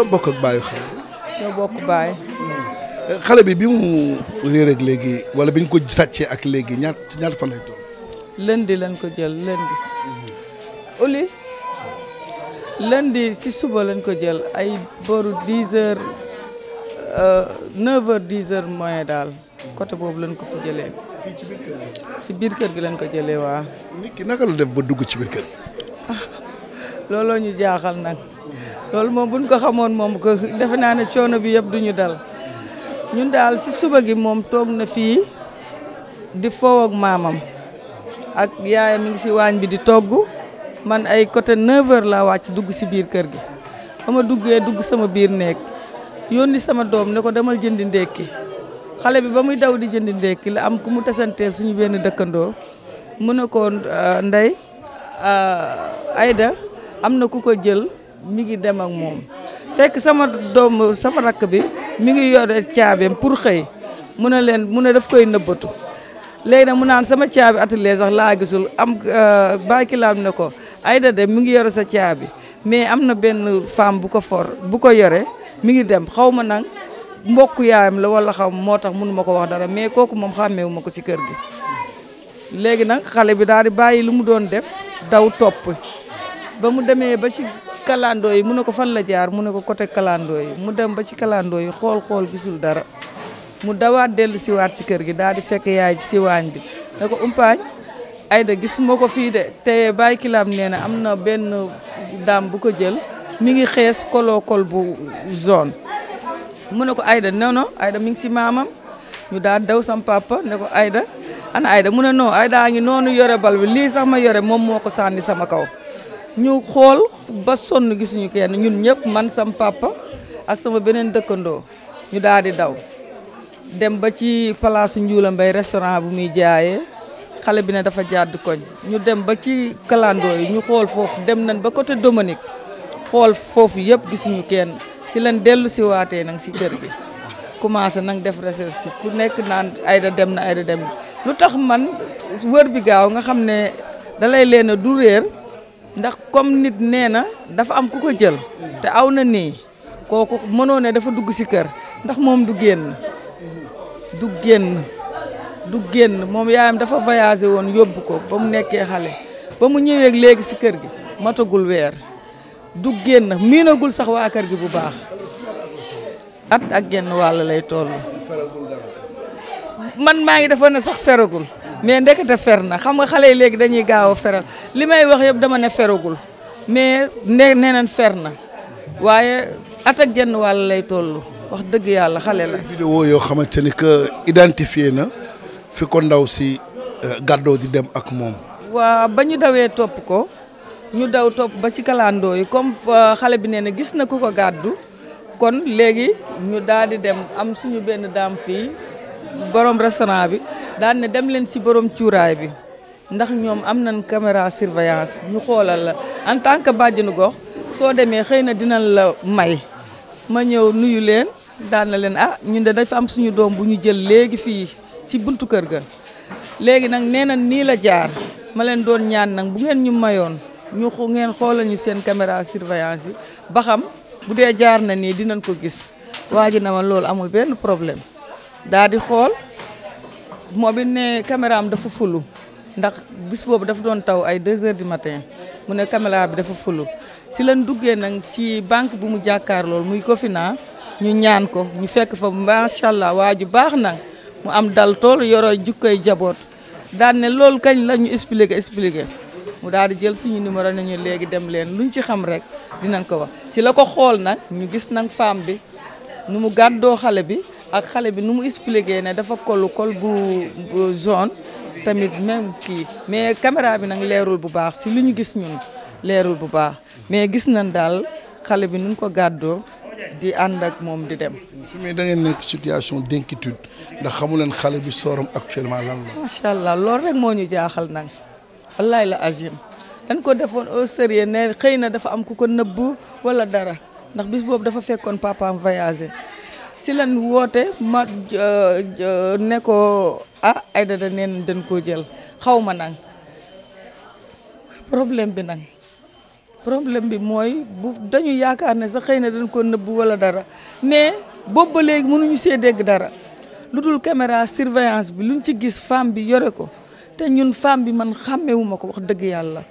loo bokk ak baayu xale bi. ñoo baay. xale bi bi mu réer léegi wala bi ñu ko sàccee ak léegi ñaar ci to fan lay doon. lundi lañ ko jël lundi. uli lundi si suba lañ ko jël ay boru 10 heures 9 euh, heures 10 heures moyen daal côté boobu lañ ko fi jëlee. fii ci biir kër gi. si biir gi lañ ko jëlee waa. nit ki naka la def ba dugg ci biir gi. Ah, Lolo ñu jaaxal nak loolu mom buñ ko xamone mom ko def na na choono bi yeb duñu dal ñun dal si suba gi mom tok na fi di fo ak mamam ak yaay mi ngi si wañ bi di togg man ay côté 9h la wacc dugg si biir kër gi ba duggé dugg sama biir nek yoni sama dom, ne ko demal jëndi ndékki xalé bi ba daw di jëndi ndékki la am ku mu tassanté suñu benn dekkando mu ndai ko nday Aida ah, am na ku ko jël mu ngi dem ak moom fekk sama doom sama rakk bi mu ngi yore caabeem pour xëy mu ne leen mu ne daf koy nëbbatu léegi nag mu naan sama caabi atelier sax laa gisul am euh, baakilaam ne ko Aïda de mi ngi yore sa caabi mais am na benn femme bu ko for bu ko yore mi ngi dem xaw ma nag mbokk yaayam la wala xaw moo tax mënu ma ko wax dara mais kooku moom xàmmeewu ma ko si kër gi léegi nag xale bi daal di bàyyi lu mu doon def daw topp ba mu demee ba ci kalandoo yi mu ne ko fan la jaar mu ne ko côté kalandoo yi mu dem ba ci kalandoo yi xool-xool gisul dara mu dawaat dellu siwaat si kër gi daal di fekk yaay si waañ bi ne ko umpaañ Aida gisuma ko fii de te bàyyi kilaam nee na am na benn daam bu ko jël mi ngi xees kol bu zone mu ne ko Aida non non mi ngi si maamam ñu daal daw sam papa ne ko Aida ana Aida mu ne non Aida a noonu yore bal bi lii sax ma yore moom moo ko sànni sama kaw ñu xool ba sonn gisuñu kenn ñun ñëpp man sam papa ak sama beneen dëkkandoo ñu daal di daw dem ba ci place Njuula Mbay restaurant bu muy jaayee xale bi ne dafa jàdd koñ ñu dem ba ci kalandoo yi ñu xool foofu dem nañ ba côté Dominique xool foofu yëpp gisuñu kenn si leen dellu si waatee nag si kër bi commencé nag def recherche ku nekk naan Aida dem na Aida dem lu tax man wër bi gaaw nga xam ne dalay leen a du réer ndax comme nit nee na dafa am ku ko jël te aw na nii kooku mënoo ne dafa dugg si kër ndax moom du génn du génn du génn moom yaayam dafa voyagé woon yóbbu ko ba mu nekkee xale ba mu ñëweek léegi si kër gi matagul weer du génn miinagul sax waa kër gi bu baax at ak genn wàll lay toll man maa ngi defoon ne sax feragul mais ndekete fer na xam nga xale yi léegi dañuy gaaw a feral li may wax yëpp dama ne feragul mais nee neen fer na waaye ata genn wàll lay toll wax dëgg yàlla xale la. vidéo yoo xamante ni que identifié na fi ko ndaw si euh, gàddoo di dem ak moom. waa ba ñu dawee topp ko ñu daw topp ba ci kalandoo yi comme euh, xale bi nee na gis na ku ko gàddu kon léegi ñu daal di dem am suñu benn daam fii. borom restaurant bi daan ne dem leen ci borom cuuraay bi ndax ñoom am nañ caméra surveillance ñu xoolal la en tant que bàjjenu gox soo demee xëy na dina la may ma ñëw nuyu leen daan leen ah ñun de dafa am suñu doom bu ñu jël léegi fii ci buntu kër ga léegi nag nee na nii la jaar ma leen doon ñaan nag bu ngeen ñu mayoon ñu ngeen xoolal ñu seen caméra surveillance yi ba xam bu dee jaar na nii dinañ ko gis waa ji na ma loolu amul benn problème daa di xool moom it ne caméra am dafa fulu ndax bis boobu dafa doon taw ay 2 heures du matin mu ne caméra bi dafa fulu si leen duggee nag ci banque bu mu jàkkaar lool muy Cofina ñu ñaan ko ñu fekk fa macha allah waa ju baax nag mu am dal tool yoroo jukkoy jaboot daan ne loolu kañ lañu ñu expliqué mu daal di jël suñu numéro nañu léegi dem leen luñ ci xam rek dinañ ko wax si la ko xool nag ñu gis nag femme bi nu mu gàddoo xale bi ak xale bi nu mu expliqué ne dafa kol kol bu zone tamit même kii mais caméra bi nag leerul bu baax si lu ñu gis ñun leerul bu baax mais gis nan daal xale bi nuñ ko gàddoo di ànd ak moom di dem. fi muy da ngeen nekk situation d'inquiétude ndax xamu leen xale bi sooram actuellement lan macha allah loolu rek moo ñu jaaxal nag wallaay la azim dañ ko defoon au ne xëy na dafa am ku ko nëbb wala dara ndax bis boobu dafa fekkoon papaam voyager si lan woote ma euh, euh, ne ko ah Aïda da neen dañ koo jël xawma ma problème bi nag problème bi mooy bu dañu yaakaar ne sax xëy na dañ ko nëbb wala dara mais boobu ba léegi mënuñu see dégg dara lu dul caméra surveillance bi lu luñ si gis femme bi yore ko te ñun femme bi man xàmmewuma ko wax dëgg yàlla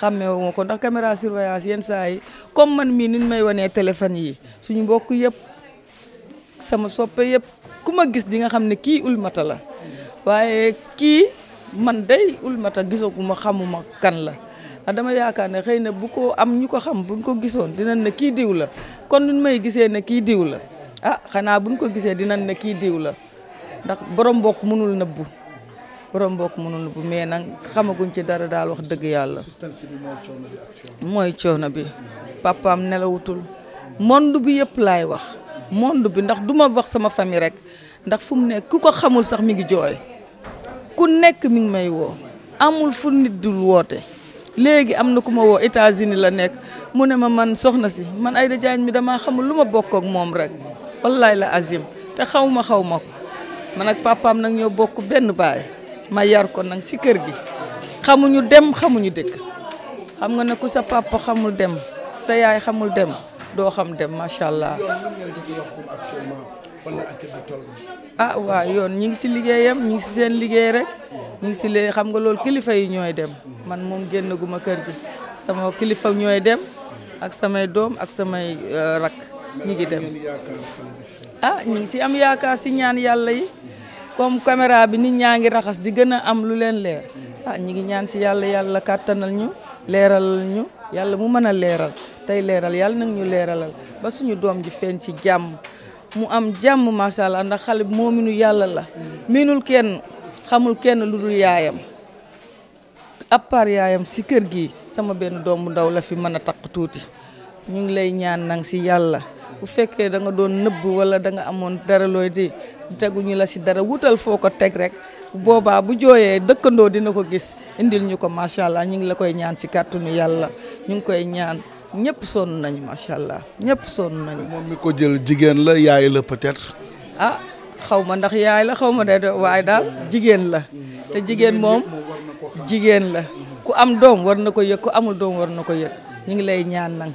xàmmewuma ko ndax caméra surveillance yenn saa yi comme man mii niñ may wanee téléphone yi suñu mbokk yëpp sama soppe yëpp ku ma gis di nga xam ne kii ulmata la waaye kii man day Oulimata gisaguma xamuma kan la ah, dama yaakaar ne xëy na bu ko am ñu ko xam buñ ko gisoon dina ne kii diw la kon nu may gisee ne kii diw la ah xanaa buñ ko gisee dinañ ne kii diw la ndax borom mbokk mënul nëbbu borom mbokk mënul nëbbu mais nag xamaguñ ci dara daal wax dëgg yàlla. mooy coono bi papaam nelawutul monde bi yëpp laay wax. monde bi ndax duma wax sama famille rek ndax fu mu nekk ku ko xamul sax mi ngi jooy ku nekk mi ngi may woo amul fu nit dul woote léegi am na ku ma woo États-Unis la nekk mu ne ma man soxna si man Aïda Diagne mi damaa xamul lu ma bokk moom rek wallaay la azim te xaw xaw ma ko man ak papaam nag bokk benn baay ma yar nag si kër gi xamuñu dem xamuñu dëkk xam nga ne ku sa papa xamul dem sa yaay xamul dem do xam dem macha allah. ah wa yon ñi ngi ci liggéeyam ñi ngi seen liggéey rek ñi ngi xam nga lool kilifa yi ñoy dem man moom gennaguma kër gi sama kilifa ñoy dem ak sama dom ak sama euh, rak ñi ngi dem ah ñi ngi si am yaakaar ci ñaan yalla yi comme caméra bi nit ñaa raxas di gëna am lu leen leer ah ñi ngi ñaan si yalla yalla katanal ñu leral ñu yalla mu mëna tay leeral yal nak ñu leeralal ba suñu doom ji jam, ci jamm mu am jam mu allah ndax xale mominu yalla la minul kenn xamul kenn luddul yaayam appar yaayam si kër gi sama benn doom bu ndaw la fi mëna tak tuuti ñu ngi lay ñaan nang si yalla, bu fekke da nga doon neub wala da nga amoon dara loy di ñu la si dara wutal foko ko rek boba bu jooyee dekkando dina ko gis indil ñuko ko macha allah ngi la koy ñaan si kàttanu yalla, ñu ngi koy ñaan ñëpp sonn nañu macha allah ñëpp sonn nañu. moom mi ko jël jigéen la yaay la peut ah xaw ma ndax yaay la xaw ma de waaye daal jigéen la te jigéen moom jigéen la ku am doom war na ko yëg ku amul doom war na ko yëg ñu ngi lay ñaan nag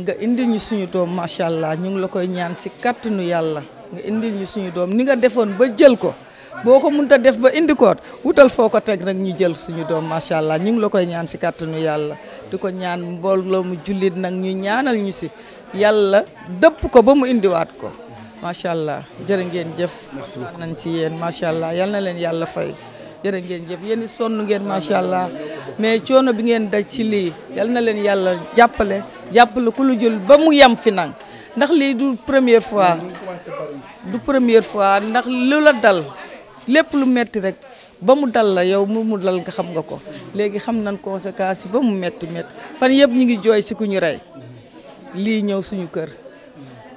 nga indi ñu suñu doom macha allah ñu ngi la koy ñaan si kàttanu yàlla nga indi ñu suñu doom ni nga defoon ba jël ko. boko munta def ba indi ko wutal foko tek rek ñu jël suñu doom macha allah ñu ngi la koy ñaan ci kàttanu yàlla di ñaan mbooloo mu julit nak ñu ñaanal ñu ci yalla depp ko ba mu wat ko macha allah jërë ngeen jëf. merci nañ si yéen macha allah Yalla na leen yalla fay. jere ngeen jëf yeen sonn ngeen allah mais choono bi ngeen daj ci li yalla na leen yalla jàppale jappal ku lu jël ba mu yam fi nak ndax li du première fois du première fois ndax lu dal lépp lu metti rek ba mu dal la yow mu mu dal nga xam nga ko léegi xam nañ conséquences yi ba mu metti metti fan yëpp ñu ngi jooy si ku ñu rey lii ñëw suñu kër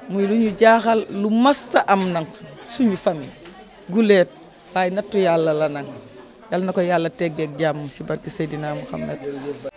muy lu ñu jaaxal lu masta am nag suñu famille guléet waaye nattu yàlla la nag yal na ko yàlla teggeeg jàmm si barke Seydina Muhammad